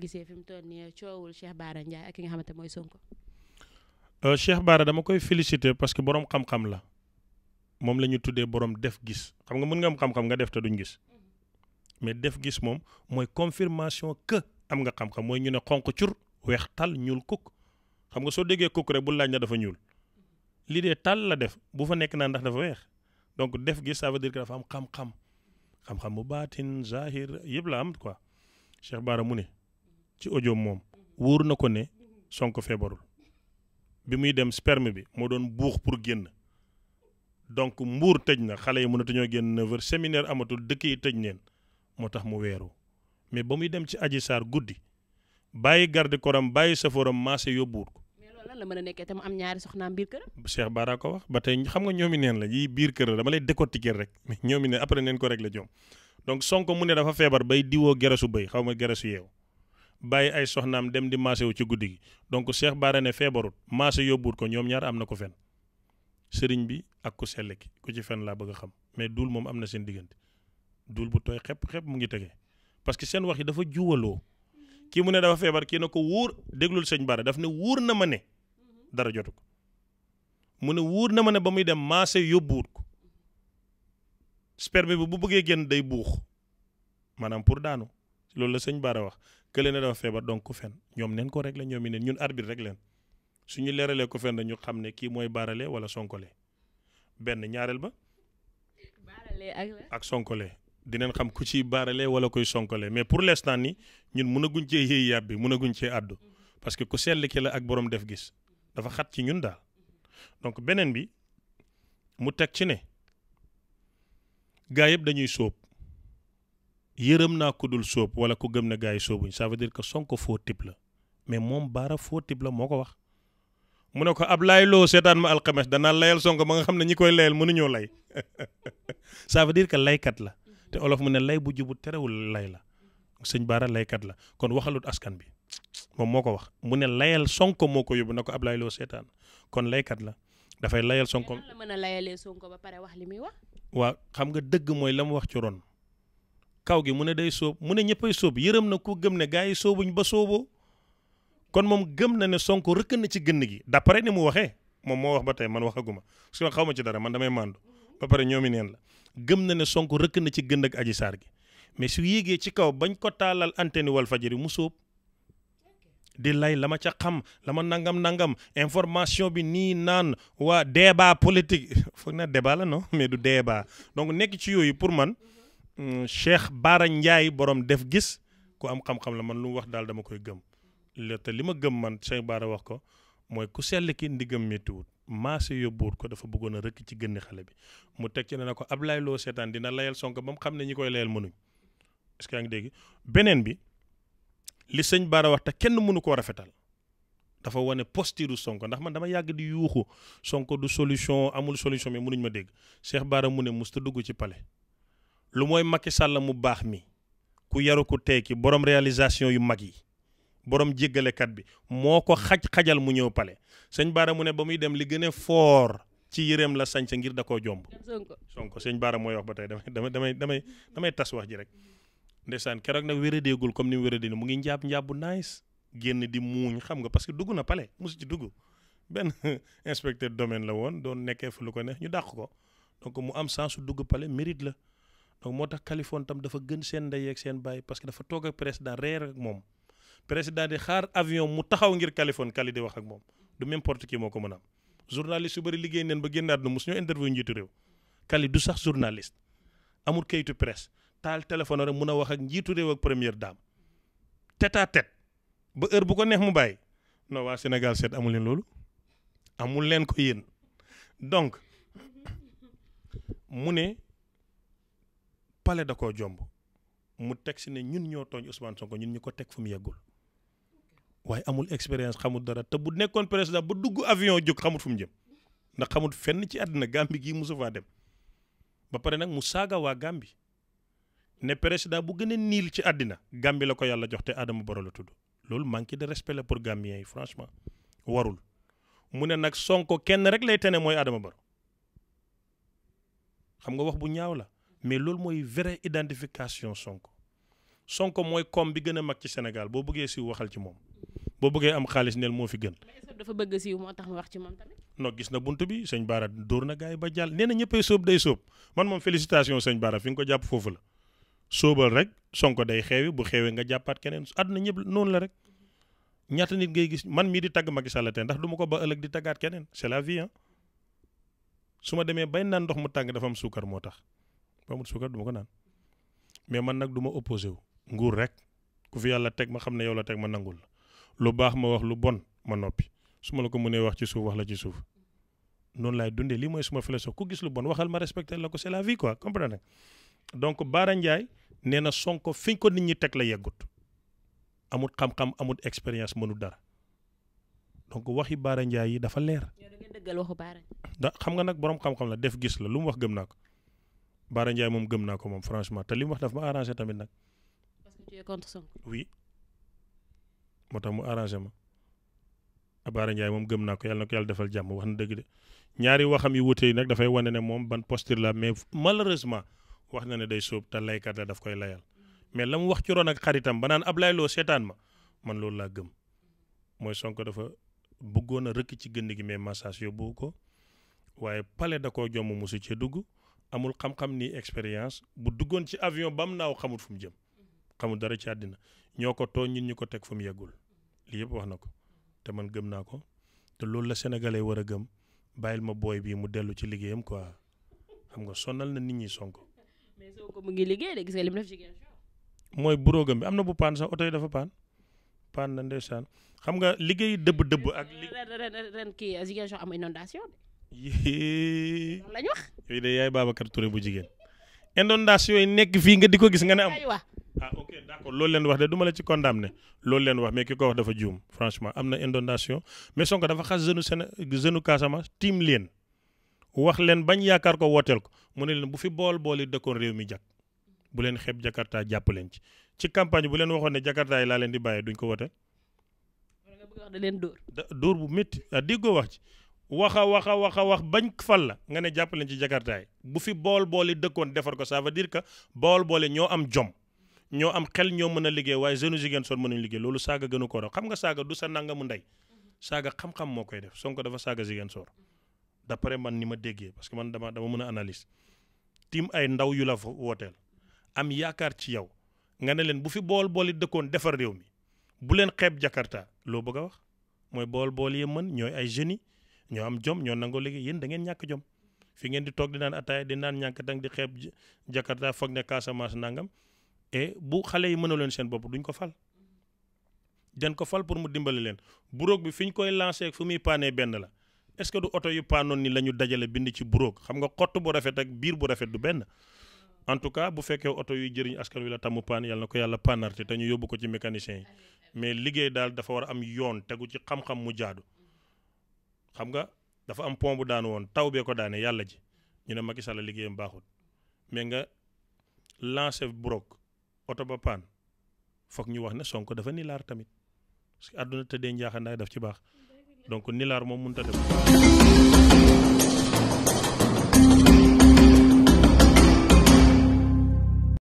gisee fi mu toll nii coowul Cheikh Bara Ndiaye ak ki nga xamante mooy Sonko. Euh, Cheikh Bara dama koy féliciter parce que borom xam-xam la moom la ñu tuddee borom def gis xam nga mën nga am xam nga def te duñ gis mais def gis moom mooy confirmation que am nga xam-xam mooy ñu ne xonq cur weex tal ñuul kukk xam nga soo déggee kukk rek bu laaj na dafa ñuul lii dee tal la def bu fa nekk naa ndax dafa weex donc def gis ça dire que dafa am xam-xam xam-xam bu baatin zahir yëpp la am quoi Cheikh Bara mu ci audio moom wóor na ko ne Sonko feebarul bi muy dem sperme bi moo doon buux pour génn donc mbuur tëj na xale yi mënatuñoo génn 9h séminaire amatul dëkk yi tëj neen moo tax mu weeru mais ba muy dem ci aji Sarr guddi bàyyi garde koram bàyyi safaram maase yóbbuwut ko. mais loolu lan a nekkee te mu am ñaari soxnaam biir kër. Cheikh Bara ko wax ba tey xam nga ñoomi neen la yii biir kër la dama lay décortiquer rek mais ñoomi neen après neen ko rek la joom donc Sonko mu ne dafa feebar bay diwoo gerasu béy xaw ma gerasu yeew bàyyi ay soxnaam dem di marché wu ci guddi gi donc Cheikh Bara ne feebarut marché yóbbuut ko ñoom ñaar am na ko fen sëriñ bi ak ku sell ki ku ci fen laa bëgg a xam mais duul moom am na seen diggante duul bu tooy xepp xepp mu ngi tege parce que seen wax yi dafa juwaloo kii mu ne dafa feebar kii na ko wóor déglul sëñ Bara daf ne wóor na ma ne dara jotu ko mu ne wuur na ma ne ba muy dem marché yóbbuwut ko sperme bi bu bëggee génn day buux maanaam pour daanu loolu la sëñ Bara wax kële ne dafa feebar donc ku fen ñoom neen ko rek la ñoom i neen ñun arbitre rek leen su ñu leeralee ko fen ñu xam ne kii mooy baarale wala sonkole benn ñaareel ba ak sonkole dinañ xam ku ci baarale wala koy sonkole mais pour l'instant ni ñun mënaguñ cee yéey yàb bi mënaguñ cee àddu parce que ku sell ki la ak borom def gis dafa xat ci ñun daal donc beneen bi mu teg ci ne gaa yëpp dañuy soob yërëm naa ku dul sóob wala ku gëm ne gars yi soobuñ ça veut dire que Sonko faux type la mais moom Bara foo type la moo ko wax mu ne ko Ablaye Lo seetaan ma alxames danaa layal Sonko ba nga xam ne ñi koy layal mënuñoo lay ça veut dire que laykat la te olof mu ne lay bu jubu terewul lay la sëñ Bara laykat la kon waxalut askan bi moom moo ko wax mu ne layal Sonko moo ko yóbbu na ko Ablaye Lo seetaan kon laykat la dafay layal Sonko. la mën a layalee wax li muy wax. waaw xam nga dëgg mooy la mu wax ci ron. kaw gi mu ne day sóob mu ne ñëppay sóob yërëm na ku gëm ne gars yi sóobuñ ba sóoboo kon moom gëm na ne Sonko rëkk na ci gënn gi d'après ni mu waxee moom moo wax ba tey man waxaguma su xaw ma ci dara man damay màndu ba pare ñoomi neen la gëm na ne Sonko rëkk na ci gënd ak Adji Sarr gi mais su yéegee ci kaw bañ ko taalal antenne Walfadjri mu sóob di lay la ma ca xam la nangam nangam information bi nii naan waa débat politique foog na débat la non mais du débat donc nekk ci yooyu pour man. Euh, Cheikh Baara Ndiaye borom def gis ku am xam-xam la man lu mu wax daal dama koy gëm le li ma gëm man Cheikh Baara wax ko mooy ku sell ki ndigam méttiwut maase yóbbuwut ko dafa buggoon a rëkk ci gënni xale bi mu teg ci ne na ko Ablaye Lo seetaan dina layal Sonko ba mu xam ne ñi koy layal mënuñ est-ce que yaa ngi dégg beneen bi li sëñ Baara wax te kenn mënu koo rafetal dafa wane posture Sonko ndax man dama yàgg di yuuxu Sonko du solution amul solution mais mënuñ ma dégg Cheikh Baara mu ne musta dugg ci palais lu mooy Macky Sall mu baax mi ku yaru ko teeki borom réalisation yu mag yi borom jéggalekat bi moo ko xaj-xajal mu ñëw pale sëñ Baara mu ne ba muy dem li gën a foor ci yëreem la sañse ngir da koo jomb Sonko sëñ Baara mooy wax ba tey damay damay damay damay tas wax ji rek nde ndeysaan keroog nag wéradeegul comme ni mu wéradee mu ngi njaab njaab bu nice génn di muuñ xam nga parce que dugg na pale mosu ci dugg benn inspecteur domaine la woon doon nekkee fu lu ko ne ñu dàq ko donc mu am sens su pale mérite la donc moo tax Kaliphone tam dafa gën seen ndey ak seen baay parce que dafa toog ak président reer ak moom président di xaar avion mu taxaw ngir Kaliphone Kali di wax ak moom du n'importe qui moo ko mën a am journaliste yu bëri liggéey neen ba génnaat nu mos ñoo interview njiitu réew Kali du sax journaliste amul kayitu presse taal téléphone rek mun a wax ak njiitu réew ak première dame tête à ba heure bu ko neex mu bàyyi non waa Sénégal seet amul leen loolu leen ko yéen pale da ko jomb mu teg si ne ñun ñoo tooñ Ousmane Sonko ñun ñu ko teg fu mu yeggul waaye amul expérience xamul dara te bu nekkoon président ba dugg avion jóg xamul fu jëm ndax xamul fenn ci àddina Gàmbi gii mosu faa dem ba pare nag mu saaga waa Gàmbi ne président bu gën a niil ci àddina Gàmbi la ko yàlla jox te Adama Barrow la tudd loolu manque de respect la pour Gambiens yi franchement warul mu ne nag Sonko kenn rek lay tene mooy Adama Barrow xam nga wax bu ñaaw la. mais loolu mooy vraie identification sonk Sonko mooy comme bi gën a mag ci Sénégal boo bëggee siiw waxal ci moom boo bëggee am xaalis neel moo fi gën. dafa bëgg siiw moo tax mu wax ci moom tamit. gis na bunt bi sëñ Baara dóor na gars yi ba jàll nee na ñëppay sóob day sóob man moom félicitation sëñ Baara fi nga ko jàpp foofu la sóobal rek Sonko day xeewi bu xeewee nga jàppaat keneen àdduna ñëpp noonu la rek ñaata nit ngay gis man mii di tagg Macky Sall ndax du ma ko ba ëllëg di taggaat keneen c'est la vie su ma demee bay naan ndox mu tàng dafa am suukar moo tax bu amul suukar du ko naan mais man nag du ma opposé wu nguur rek ku fi yàlla teg ma xam ne yow la teg ma nangul la lu baax ma wax lu bon ma noppi su ma la ko mënee wax ci suuf wax la ci suuf noonu laay dundee lii mooy suma philosophie ku gis lu bon waxal ma respecté la ko c'est la vie quoi comprendre donc Baara Ndiaye nee na Sonko fiñ ko nit ñi teg la yeggut amut xam-xam amut expérience mënu dara donc waxi Baara Ndiaye yi dafa leer. da xam nga nag boroom xam la def gis la lu mu wax gëm naa ko Bara Ndiaye moom gëm naa ko moom franchement te li mu wax daf ma arrangé tamit nag. parce moo tax mu arrangé ma Bara Ndiaye moom gëm naa ko yàlla na ko yàlla defal jàmm wax na dëgg de ñaari waxam yi wute nag dafay wane ne moom ban posture la mais malheureusement wax na ne day sóob te laykat la daf koy layal mais la mu wax ci ron ak xaritam ba naan Ablaye Lo seetaan ma man loolu laa gëm mooy sonk dafa bëggoon a rëkk ci gënd gi mais massage yóbbu ko waaye pale da koo jomm mosu cee dugg. amul xam-xam ni expérience bu duggoon ci avion ba mu naaw xamul fu mu jëm xamul dara ci àddina ñoo ko tooñ ñun ñu ko teg fu mu yeggul lii yëpp wax na ko te man gëm naa ko te loolu la sénégalais war a gëm bàyyil ma booy bii mu dellu ci liggéeyam quoi xam nga sonal na nit ñi Sonko. mais mu ngi liggéey de gis nga li mu def ci mooy buróogam bi am na bu paan sax oto yi dafa paan paan na ndeysaan xam nga liggéey dëbb dëbb ak. ren ren kii am inondation yii. lañ wax. yooyu de yaay Babacar Touré bu jigéen. indondation yi nekk fii nga di ko gis nga ne am. ah ok d' accord loolu leen wax de duma ma la ci ne loolu leen wax mais ki ko wax dafa juum franchement am na inondation mais Sonko dafa xas jeune Séné jeune Casamance tiim leen wax leen bañ yaakaar ko wooteel ko mu ne leen bu fi bool booli dëkkoon réew mi jag bu leen xeeb Jakarta jàpp leen ci ci campagne bu leen waxoon ne Jakarta yi laa leen di bàyyee duñ ko wote. da leen dóor. dóor bu métti ah déggoo wax ci wax wax wax wax bañ fal la nga ne jàpp leen ci jakartaay bu fi bool booli dëkkoon defar ko ça veut dire que bool boole ñoo am jom ñoo am xel ñoo mën a liggéey waaye jeune Ziguinchor mënuñ liggéey loolu saaga gënu ko raw xam nga saaga du sa nanga mu ndey saaga xam-xam moo koy def Sonko dafa saaga Ziguinchor d'après man ni ma déggee parce que man dama dama mën a analyse tim ay ndaw yu la wooteel am yaakaar ci yow nga ne leen bu fi bool booli dëkkoon defar réew mi bu leen xeeb jakarta loo bëgg a mooy bool bool yi mën ñooy ay jeunes ñoo am jom ñoo nangoo liggéey yéen da ngeen ñàkk jom fii ngeen di toog di naan ataaya di naan ñàkk tang di xeeb Jakarta foog ne Casamance nangam et bu xale yi mënaloon seen bopp duñ ko fal. den ko fal pour mu dimbali leen buroog bi fi ñu koy lancé fu muy paanee benn la est-ce que du oto yu paanoon ni la ñu dajale bind ci buroog xam nga xott bu rafet ak biir bu rafet du benn. en tout cas bu fekkee oto yi jëriñ askan wi la tamu paan yàlla ko yàlla paanarte te ñu yóbbu ko ci mécanicien mais liggéey daal dafa war a am yoon tegu ci xam mu jaadu. xam nga dafa am pont bu daanu woon taw bee ko daane yàlla ji ñu ne Macky Sall liggéeyam baaxul mais nga lancé brok oto ba paan foog ñu wax ne Sonko dafa nilaar tamit parce que àdduna tëddee njaaxandaay daf ci baax donc nilaar moom mënut a dem.